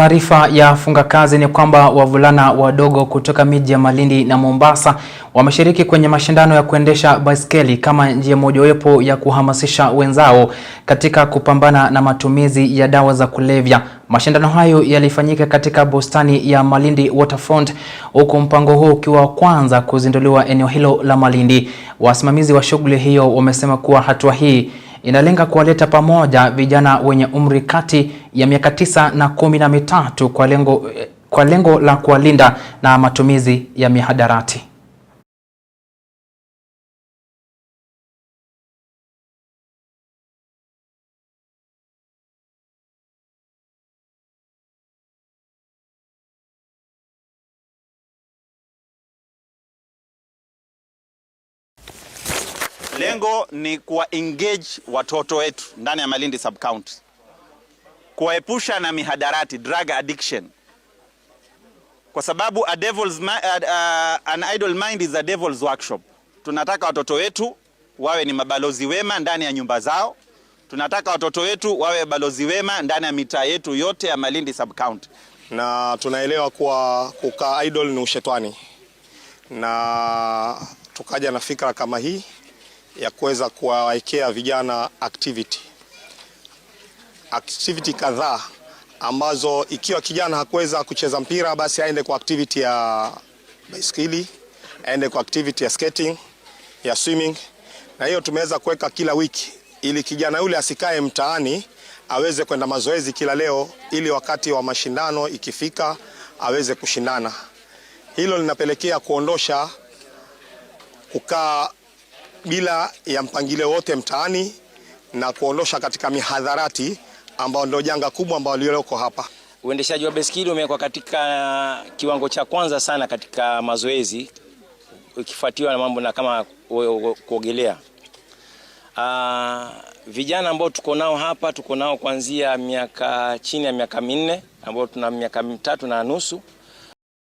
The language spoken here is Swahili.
Taarifa ya funga kazi ni kwamba wavulana wadogo kutoka miji ya Malindi na Mombasa wameshiriki kwenye mashindano ya kuendesha baiskeli kama njia mojawapo ya kuhamasisha wenzao katika kupambana na matumizi ya dawa za kulevya. Mashindano hayo yalifanyika katika bustani ya Malindi Waterfront, huku mpango huo ukiwa wa kwanza kuzinduliwa eneo hilo la Malindi. Wasimamizi wa shughuli hiyo wamesema kuwa hatua hii inalenga kuwaleta pamoja vijana wenye umri kati ya miaka tisa na kumi na mitatu kwa lengo, eh, kwa lengo la kuwalinda na matumizi ya mihadarati. Lengo ni kuwa engage watoto wetu ndani ya Malindi sub county, kuwaepusha na mihadarati, drug addiction, kwa sababu a devil's, uh, an idle mind is a devil's workshop. Tunataka watoto wetu wawe ni mabalozi wema ndani ya nyumba zao. Tunataka watoto wetu wawe balozi wema ndani ya mitaa yetu yote ya Malindi sub county, na tunaelewa kuwa kukaa idle ni ushetani, na tukaja na fikra kama hii ya kuweza kuwawekea vijana activity activity kadhaa ambazo ikiwa kijana hakuweza kucheza mpira basi aende kwa activity ya baiskeli, aende kwa activity ya skating, ya swimming, na hiyo tumeweza kuweka kila wiki, ili kijana yule asikae mtaani, aweze kwenda mazoezi kila leo, ili wakati wa mashindano ikifika aweze kushindana. Hilo linapelekea kuondosha kukaa bila ya mpangilio wote mtaani na kuondosha katika mihadharati ambao ndio janga kubwa ambao lioko hapa. Uendeshaji wa baiskeli umewekwa katika kiwango cha kwanza sana katika mazoezi ikifuatiwa na mambo na kama kuogelea. Uh, vijana ambao tuko nao hapa tuko nao kuanzia miaka chini ya miaka minne ambao tuna miaka mitatu na nusu